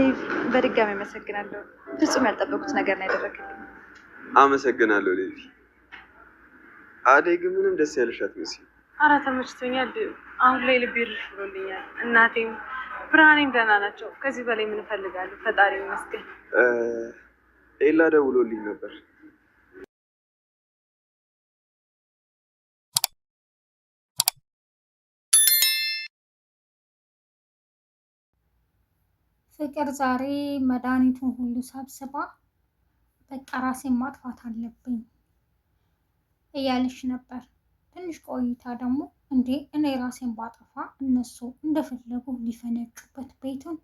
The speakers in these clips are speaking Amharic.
ዴቭ በድጋሚ አመሰግናለሁ። ፍጹም ያልጠበቁት ነገር ነው ያደረግልኝ። አመሰግናለሁ ዴቪ። አደይ ግን ምንም ደስ ያልሻት አትመስይም። ኧረ ተመችቶኛል። አሁን ላይ ልቤ ርሽ ብሎልኛል። እናቴም ብርሃኔም ደህና ናቸው። ከዚህ በላይ ምን እፈልጋለሁ? ፈጣሪ ይመስገን። ኤላ ደውሎልኝ ነበር ፍቅር ዛሬ መድኃኒቱን ሁሉ ሰብስባ በቃ ራሴን ማጥፋት አለብኝ እያለች ነበር። ትንሽ ቆይታ ደግሞ እንዴ እኔ ራሴን ባጠፋ እነሱ እንደፈለጉ ሊፈነጩበት ቤቱን፣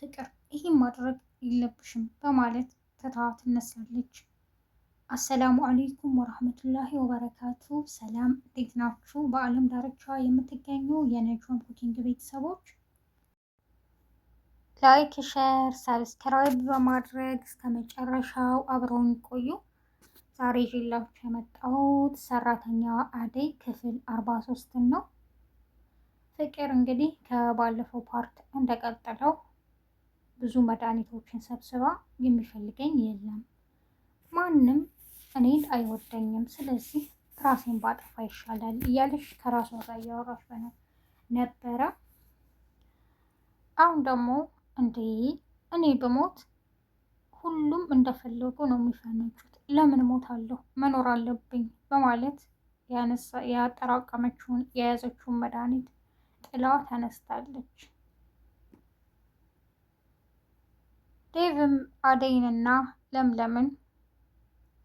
ፍቅር ይህን ማድረግ የለብሽም በማለት ትታ ትነሳለች። አሰላሙ አሌይኩም ወራህመቱላሂ ወበረካቱ። ሰላም እንዴት ናችሁ? በአለም ዳርቻ የምትገኙ የነጆም ኩኪንግ ቤተሰቦች ላይክ፣ ሼር፣ ሰብስክራይብ በማድረግ እስከ መጨረሻው አብረውን ቆዩ። ዛሬ ይዤላችሁ የመጣሁት ሰራተኛ አደይ ክፍል አርባ ሶስትን ነው። ፍቅር እንግዲህ ከባለፈው ፓርት እንደቀጠለው ብዙ መድኃኒቶችን ሰብስባ የሚፈልገኝ የለም ማንም እኔን አይወደኝም፣ ስለዚህ ራሴን ባጠፋ ይሻላል እያለሽ ከራሷ ጋር እያወራሽ ነበረ። አሁን ደግሞ እንዴ እኔ በሞት ሁሉም እንደፈለጉ ነው የሚፈነጩት። ለምን ሞታለሁ? መኖር አለብኝ በማለት ያጠራቀመችውን የያዘችውን መድኃኒት ጥላ ተነስታለች። ዴቭም አደይንና ለምለምን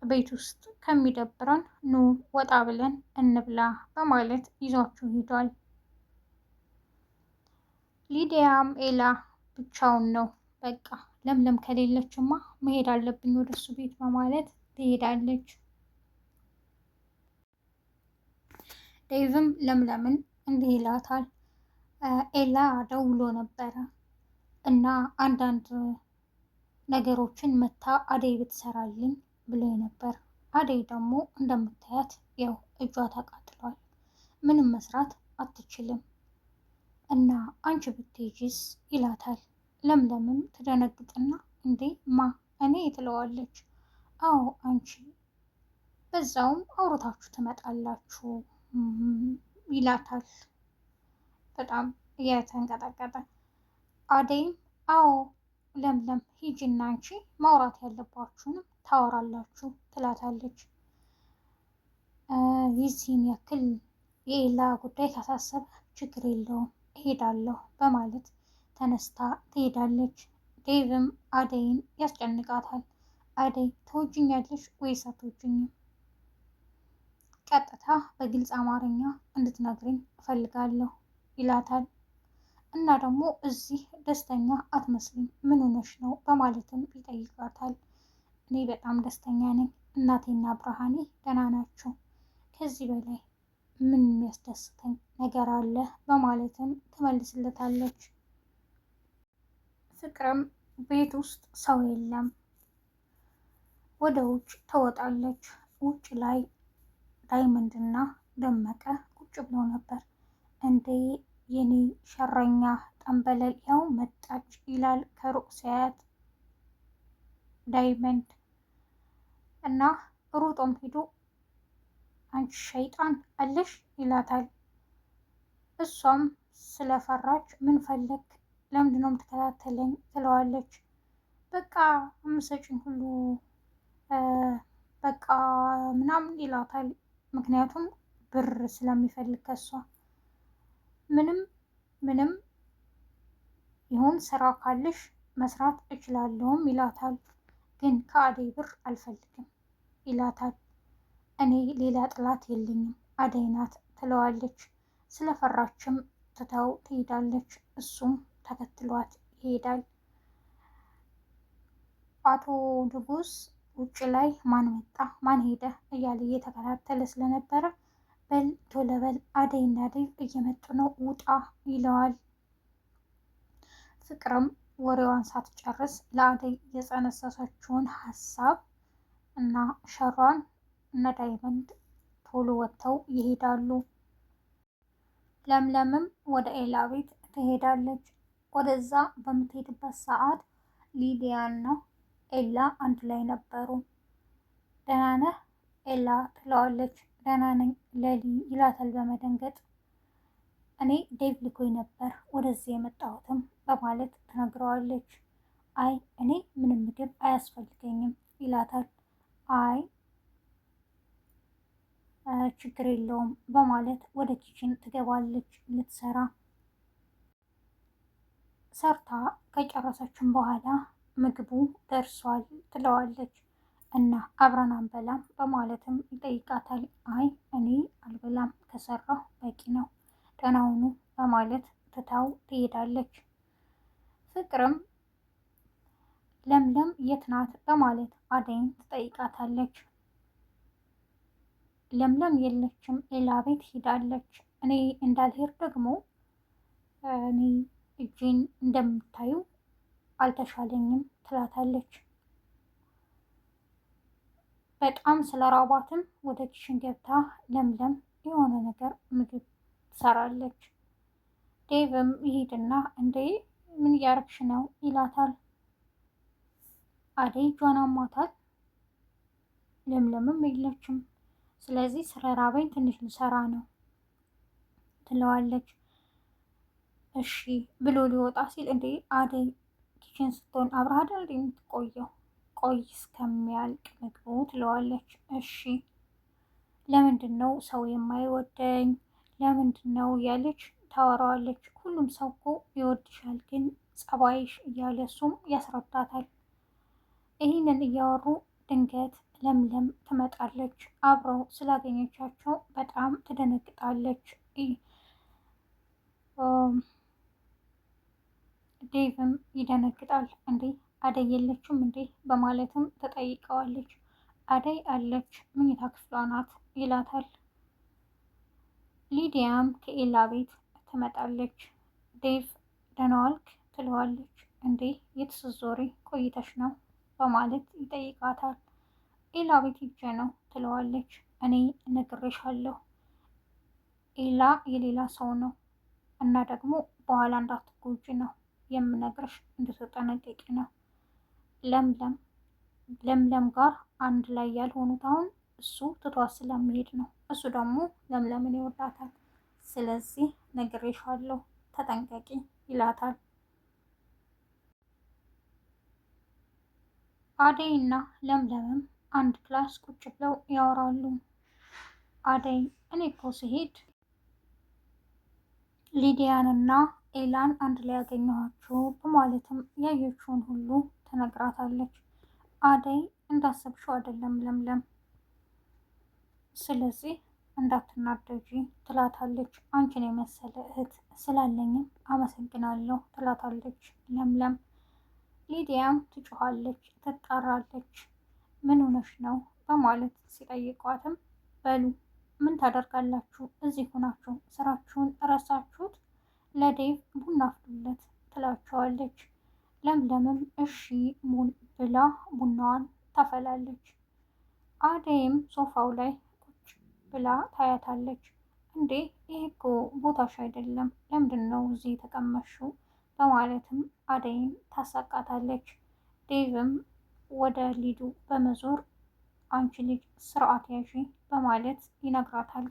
ቤት ውስጥ ከሚደብረን ኑ ወጣ ብለን እንብላ በማለት ይዟችሁ ሂዷል። ሊዲያም ኤላ ብቻውን ነው። በቃ ለምለም ከሌለችማ መሄድ አለብኝ ወደ እሱ ቤት በማለት ትሄዳለች። ዴቭም ለምለምን እንዲህ ይላታል። ኤላ ደውሎ ነበረ እና አንዳንድ ነገሮችን መታ አደይ ብትሰራልኝ ብሎ ነበር። አደይ ደግሞ እንደምታያት ያው እጇ ተቃጥሏል፣ ምንም መስራት አትችልም። እና አንቺ ብትሄጂስ ይላታል። ለምለምም ትደነግጥና እንዴ ማ እኔ ትለዋለች። አዎ አንቺ፣ በዛውም አውርታችሁ ትመጣላችሁ ይላታል። በጣም እየተንቀጠቀጠ አደይም አዎ ለምለም ሂጂና አንቺ ማውራት ያለባችሁንም ታወራላችሁ ትላታለች። የዚህን ያክል የኤላ ጉዳይ ካሳሰበ ችግር የለውም እሄዳለሁ በማለት ተነስታ ትሄዳለች። ዴቭም አደይን ያስጨንቃታል። አደይ ተወጅኛለሽ ወይስ አትወጅኝም? ቀጥታ በግልጽ አማርኛ እንድትነግሪኝ እፈልጋለሁ ይላታል። እና ደግሞ እዚህ ደስተኛ አትመስልም፣ ምን ሆነሽ ነው በማለትም ይጠይቃታል። እኔ በጣም ደስተኛ ነኝ፣ እናቴና ብርሃኔ ደህና ናቸው። ከዚህ በላይ ምን የሚያስደስተኝ ነገር አለ በማለትም ትመልስለታለች። ፍቅርም ቤት ውስጥ ሰው የለም፣ ወደ ውጭ ትወጣለች። ውጭ ላይ ዳይመንድ እና ደመቀ ቁጭ ብሎ ነበር። እንዴ የኔ ሸረኛ ጠንበለል ያው መጣች ይላል ከሩቅ ሲያያት ዳይመንድ እና ሩጦም ሂዶ አንቺ ሸይጣን አለሽ ይላታል። እሷም ስለፈራች ምን ፈለግ ለምንድን ነው የምትከታተለኝ ትለዋለች። በቃ ምሰጭን ሁሉ በቃ ምናምን ይላታል። ምክንያቱም ብር ስለሚፈልግ ከሷ ምንም ምንም ይሁን ስራ ካለሽ መስራት እችላለሁም ይላታል። ግን ከአደይ ብር አልፈልግም ይላታል። እኔ ሌላ ጥላት የለኝም አደይ ናት ትለዋለች። ስለፈራችም ትታው ትሄዳለች። እሱም ተከትሏት ይሄዳል። አቶ ንጉስ ውጭ ላይ ማን መጣ ማን ሄደ እያለ እየተከታተለ ስለነበረ በል ቶሎ በል አደይና አደይ እየመጡ ነው ውጣ ይለዋል። ፍቅርም ወሬዋን ሳትጨርስ ለአደይ የጸነሰሰችውን ሀሳብ እና ሸሯን እነ ዳይመንድ ቶሎ ወጥተው ይሄዳሉ። ለምለምም ወደ ኤላ ቤት ትሄዳለች። ወደዛ በምትሄድበት ሰዓት ሊዲያና ኤላ አንድ ላይ ነበሩ። ደህና ነህ ኤላ ትለዋለች። ደህና ነኝ ለሊ ይላታል በመደንገጥ እኔ ዴቭ ልኮኝ ነበር ወደዚህ የመጣሁትም በማለት ትነግረዋለች። አይ እኔ ምንም ምግብ አያስፈልገኝም ይላታል። አይ ችግር የለውም በማለት ወደ ኪችን ትገባለች ልትሰራ። ሰርታ ከጨረሰችን በኋላ ምግቡ ደርሷል ትለዋለች እና አብረን አንበላም በማለትም ይጠይቃታል። አይ እኔ አልበላም ከሰራሁ በቂ ነው ደናውኑ በማለት ትታው ትሄዳለች። ፍቅርም ለምለም የት ናት በማለት አደይን ትጠይቃታለች። ለምለም የለችም፣ ኤላ ቤት ሄዳለች። እኔ እንዳልሄድ ደግሞ እኔ እጄን እንደምታዩ አልተሻለኝም ትላታለች። በጣም ስለራባትም ወደ ኪሽን ገብታ ለምለም የሆነ ነገር ምግብ ትሰራለች። ዴቭም ይሄድና እንዴ ምን እያረግሽ ነው ይላታል። አደይ ጇን አሟታል። ለምለምም የለችም። ስለዚህ ራበኝ ትንሽ ልሰራ ነው ትለዋለች። እሺ ብሎ ሊወጣ ሲል እንዴ አደይ ኪችን ስትሆን አብርሃደ እንዴ የምትቆየው? ቆይ እስከሚያልቅ ምግቡ ትለዋለች። እሺ ለምንድን ነው ሰው የማይወደኝ ለምንድን ነው እያለች ታወራዋለች። ሁሉም ሰው እኮ ይወድሻል ግን ጸባይሽ እያለ እሱም ያስረዳታል። ይህንን እያወሩ ድንገት ለምለም ትመጣለች። አብረው ስላገኘቻቸው በጣም ትደነግጣለች። ዴቭም ይደነግጣል። እንዴ አደይ የለችም እንዴ በማለትም ተጠይቀዋለች። አደይ አለች፣ ምኝታ ክፍሏ ናት ይላታል። ሊዲያም ከኤላ ቤት ትመጣለች። ዴቭ ደህና ዋልክ ትለዋለች። እንዴ የትስዞሪ ቆይተሽ ነው በማለት ይጠይቃታል። ኤላ ቤት ሂጄ ነው ትለዋለች። እኔ ነግሬሻለሁ፣ ኤላ የሌላ ሰው ነው እና ደግሞ በኋላ እንዳትጎጂ ነው የምነግርሽ፣ እንድትጠነቀቂ ነው። ለምለም ለምለም ጋር አንድ ላይ ያልሆኑት አሁን እሱ ትቷት ስለሚሄድ ነው። እሱ ደግሞ ለምለምን ይወዳታል። ስለዚህ ነግሬሻለሁ፣ ተጠንቀቂ ይላታል። አደይ እና ለምለምም አንድ ክላስ ቁጭ ብለው ያወራሉ። አደይ እኔ እኮ ስሄድ ሊዲያን እና ኤላን አንድ ላይ ያገኘኋችሁ በማለትም ያየችውን ሁሉ ትነግራታለች። አደይ እንዳሰብሽው አይደለም ለምለም፣ ስለዚህ እንዳትናደጂ ትላታለች። አንቺን የመሰለ እህት ስላለኝም አመሰግናለሁ ትላታለች ለምለም ሊዲያም ትጮኻለች፣ ትጣራለች። ምን ሆነሽ ነው በማለት ሲጠይቋትም በሉ ምን ታደርጋላችሁ እዚህ ሆናችሁ ስራችሁን ረሳችሁት? ለዴቭ ቡና አፍሉለት ትላቸዋለች። ለምለምም እሺ ብላ ቡናዋን ታፈላለች። አደይም ሶፋው ላይ ቁጭ ብላ ታያታለች። እንዴ ይህ እኮ ቦታሽ አይደለም፣ ለምንድን ነው እዚህ የተቀመሽው? በማለትም አደይን ታሳቃታለች። ዴቭም ወደ ሊዱ በመዞር አንቺ ልጅ ስርዓት በማለት ይነግራታል።